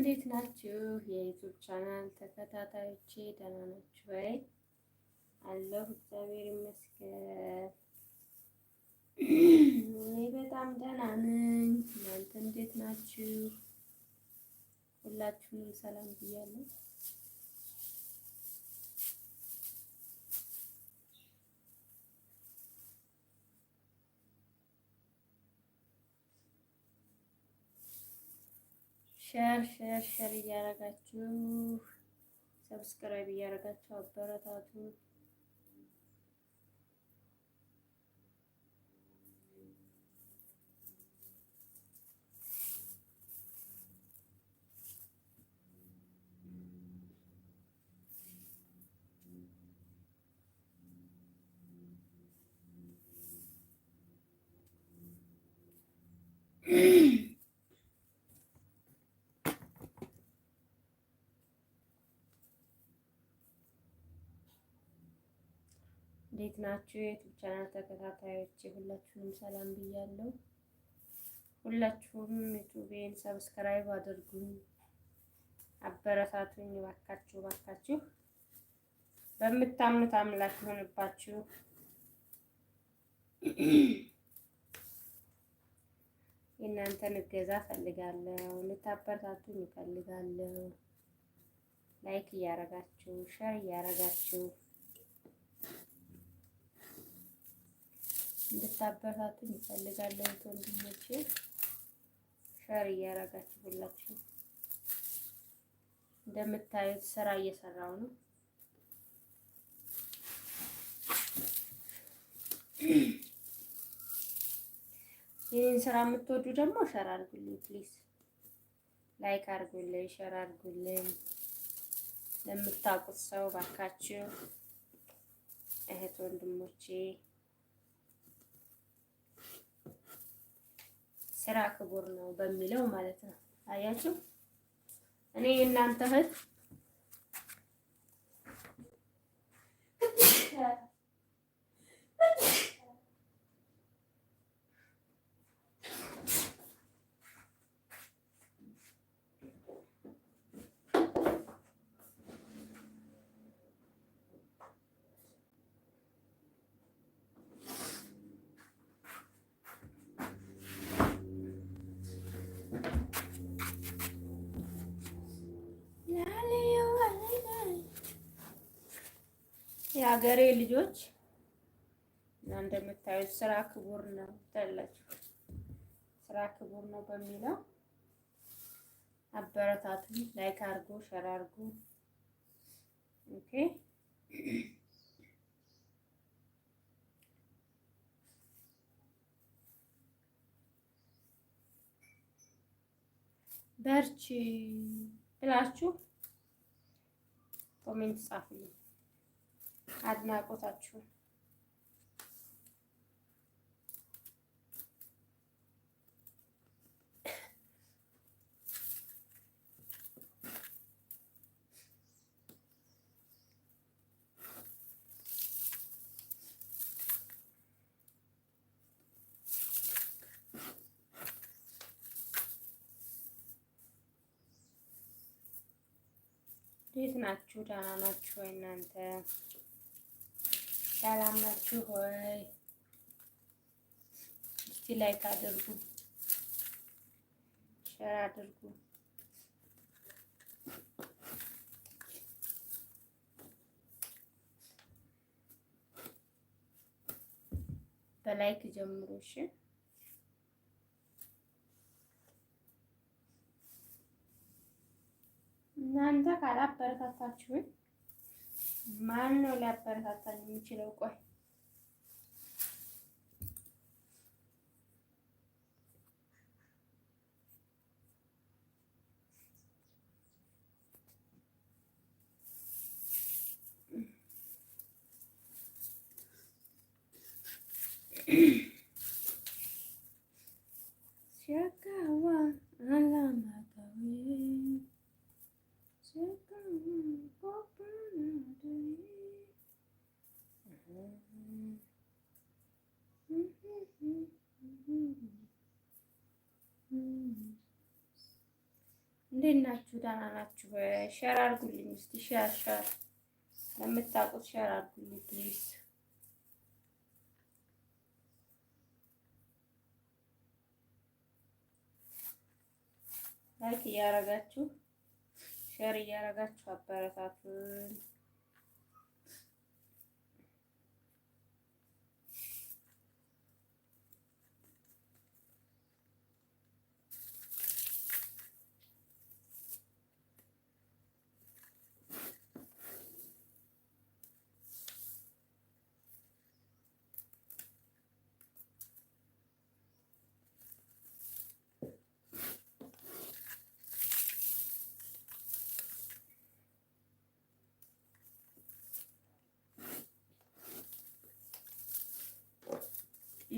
እንዴት ናችሁ? የዩቱብ ቻናል ተከታታዮቼ ደህና ናችሁ ወይ? አለሁ እግዚአብሔር ይመስገን። እኔ በጣም ደህና ነኝ። እናንተ እንዴት ናችሁ? ሁላችሁንም ሰላም ብያለሁ። ሸር ሸር ሸር እያረጋችሁ ሰብስክራይብ እያረጋችሁ አበረታቱ። እንዴት ናችሁ? የዩቲዩብ ቻናል ተከታታዮች ሁላችሁንም ሰላም ብያለሁ። ሁላችሁም ዩቲዩብን ሰብስክራይብ አድርጉኝ፣ አበረታቱኝ። ባካችሁ ባካችሁ በምታምኑት አምላክ ይሆንባችሁ። የእናንተን እገዛ ፈልጋለሁ፣ ልታበረታቱኝ እፈልጋለሁ። ላይክ እያረጋችሁ ሸር እያረጋችሁ እንድታበረታቱኝ እፈልጋለሁ። ወንድሞቼ ሸር እያደረጋችሁ ሁላችሁ እንደምታዩት ስራ እየሰራው ነው። ይህን ስራ የምትወዱ ደግሞ ሸር አድርጉልኝ ፕሊዝ፣ ላይክ አድርጉልኝ፣ ሸር አድርጉልኝ ለምታውቁት ሰው ባካችሁ እህት ወንድሞቼ ስራ ክቡር ነው በሚለው ማለት ነው። አያችሁ እኔ የእናንተ እህት የሀገሬ ልጆች እና እንደምታዩት ስራ ክቡር ነው ትላላችሁ። ስራ ክቡር ነው በሚለው አበረታቱ። ላይክ አድርጉ፣ ሸር አርጎ ኦኬ በርቺ ብላችሁ ኮሜንት ጻፉልኝ። አድናቆታችሁን እንዴት ናችሁ? ደህና ናችሁ ወይ እናንተ? ሰላም ናችሁ ሆይ? እስቲ ላይክ አድርጉ፣ ሸር አድርጉ። በላይክ ጀምሮ እሺ። እናንተ ካላበረታታችሁኝ ማን ነው ሊያበረታታኝ የሚችለው? ቆይ እንዴት ናችሁ? ደህና ናችሁ? ሼር አድርጉልኝ እስኪ ሼር ሼር ለምታውቁት ሼር አድርጉልኝ ፕሊዝ። ላይክ እያደረጋችሁ ሼር እያደረጋችሁ አበረታቱን።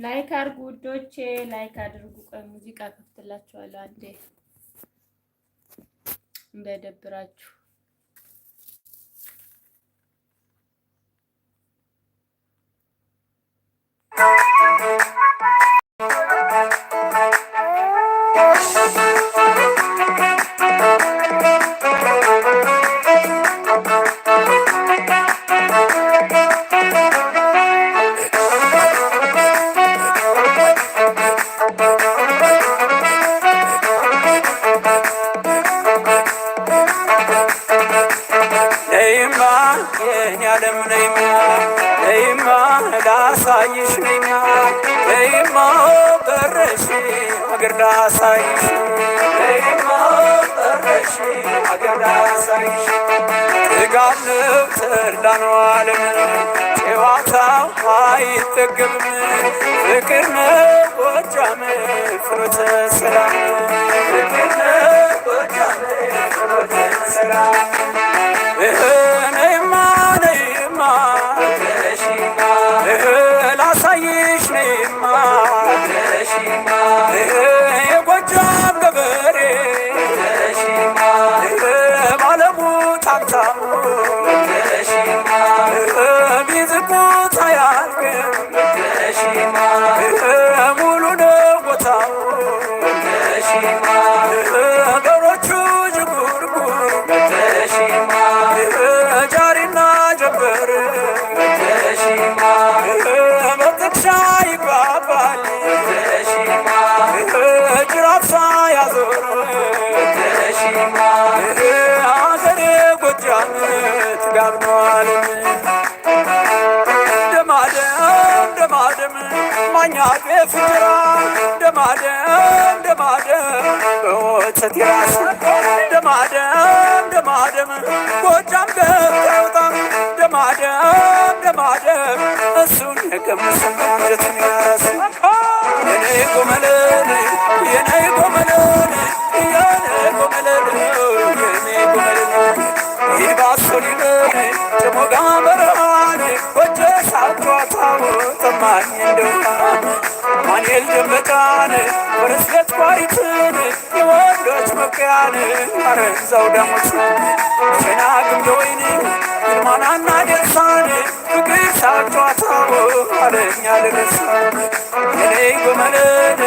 ላይክ አድርጉ ውዶቼ፣ ላይክ አድርጉ። ቆይ ሙዚቃ ከፍትላችኋለሁ አንዴ እንዳይደብራችሁ። ጋልብ ተላኗል ጤባታው አይጠገብም ፍቅር ነው ፍኖተ ሰላም ፍቅር ነው ፍኖተ ሰላም አጤ ፍቅራ ደማደም ደማደም በወተት የራስ ደማደም ደማደም ጎጃም ደውጣም ደማደም ደማደም እሱን የቀመሰ አንጀቱን ያረስ የኔ ቁመል የአቤል ደመቃን ወረስለት ባሪክን የወንዶች መከያን አረግዛው ዳሞች ሸና ግምደ ወይን ደርሳን ፍቅር ሳጫዋታው አለኛ ልረሳን የነይ ጎመለል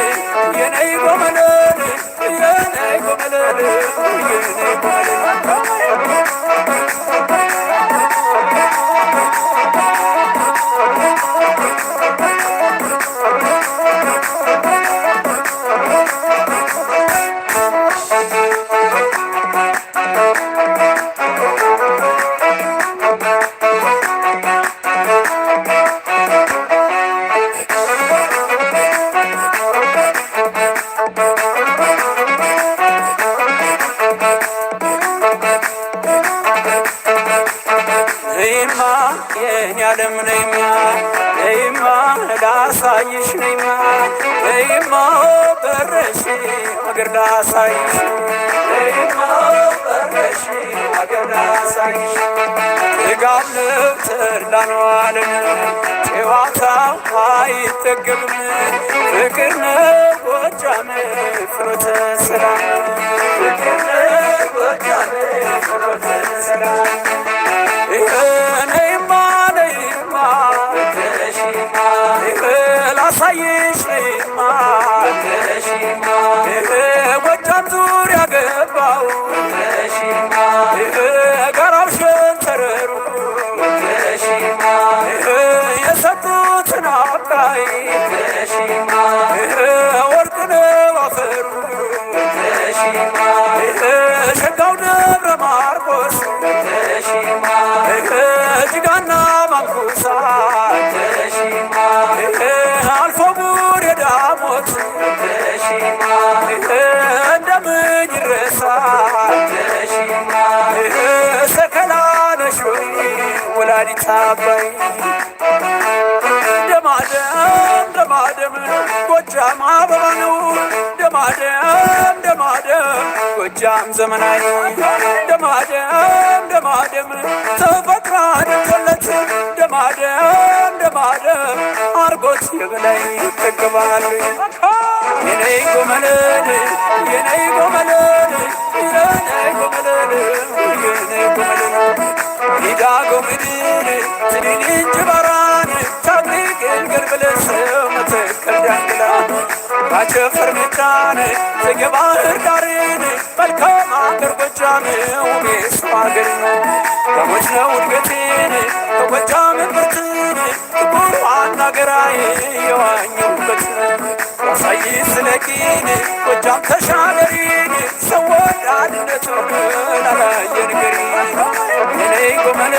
የነይ ጎመለል የነይ ጎመለል የነይ ጎመለል ላሳይሽ ነኝ በይማ በረሽ አገር ላሳይሽ በይማ በረሽ አገር ላሳይሽ ጋለው ተላኗለን ጨዋታ አይጠገብም ፍቅር ነው ፍኖተ ሰላም ፍቅር ነው ፍኖተ ሰላም ላሳይሽ ጎጃም ዙሪያ ገባው ፀባይ ደማደም ደማደም ጎጃም አበባ ነው ደማደም ደማደም ጎጃም ዘመናዊ ደማደም ደማደም ተፈቅራ ደቆለት ደማደም ደማደም አርጎት የበላይ ይጠገባል የነይ ጎመለል የነይ ጎመለል የነይ ጎመለል የነይ ጎመለል ባቸፈር ሚካነ ዘገባር ዳሬን መልካም አገር ጎጃም ውቤ ስም አገር ነው። ከሞች ነው ውድገቴን ከጎጃም ምርትን ጥቁር ዋና ገራዬ የዋኘሁበት ነው። ሳይስለኪን ጎጃም ተሻገሪን ሰው ወዳድነቱን አላየን ገሪ እኔ ጎመን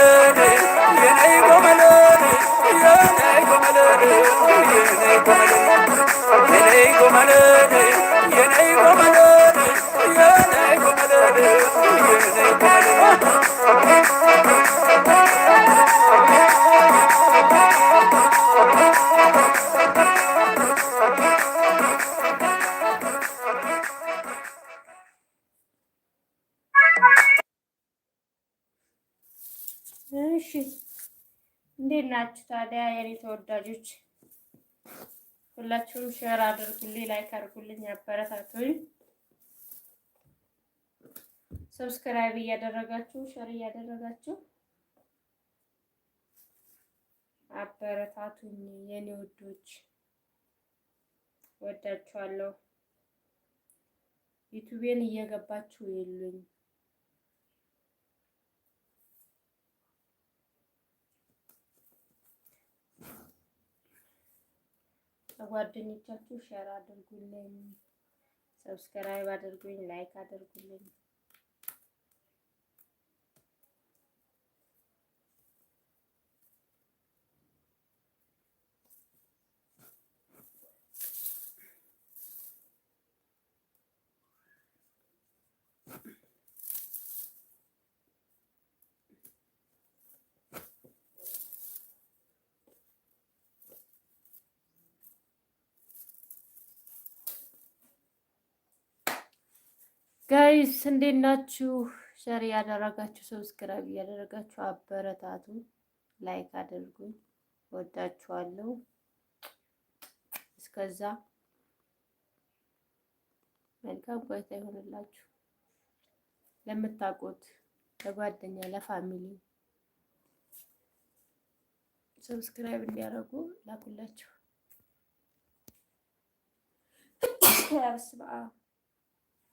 እሺ፣ እንዴት ናችሁ ታዲያ የኔ ተወዳጆች? ሁላችሁም ሼር አድርጉልኝ፣ ላይክ አድርጉልኝ፣ አበረታቱኝ። ሰብስክራይብ እያደረጋችሁ ሼር እያደረጋችሁ አበረታቱኝ የኔ ውዶች፣ ወዳችኋለሁ። ዩቱቤን እየገባችሁ የሉኝ ለጓደኞቻችሁ ሼር አድርጉልኝ፣ ሰብስክራይብ አድርጉኝ፣ ላይክ አድርጉልኝ። ጋይስ እንዴት ናችሁ? ሸር ያደረጋችሁ ሰብስክራይብ እያደረጋችሁ አበረታቱ፣ ላይክ አድርጉ። ወዳችኋለሁ። እስከዛ መልካም ቆይታ ይሆንላችሁ። ለምታውቁት ለጓደኛ ለፋሚሊ ሰብስክራይብ እንዲያደርጉ ላኩላችሁ።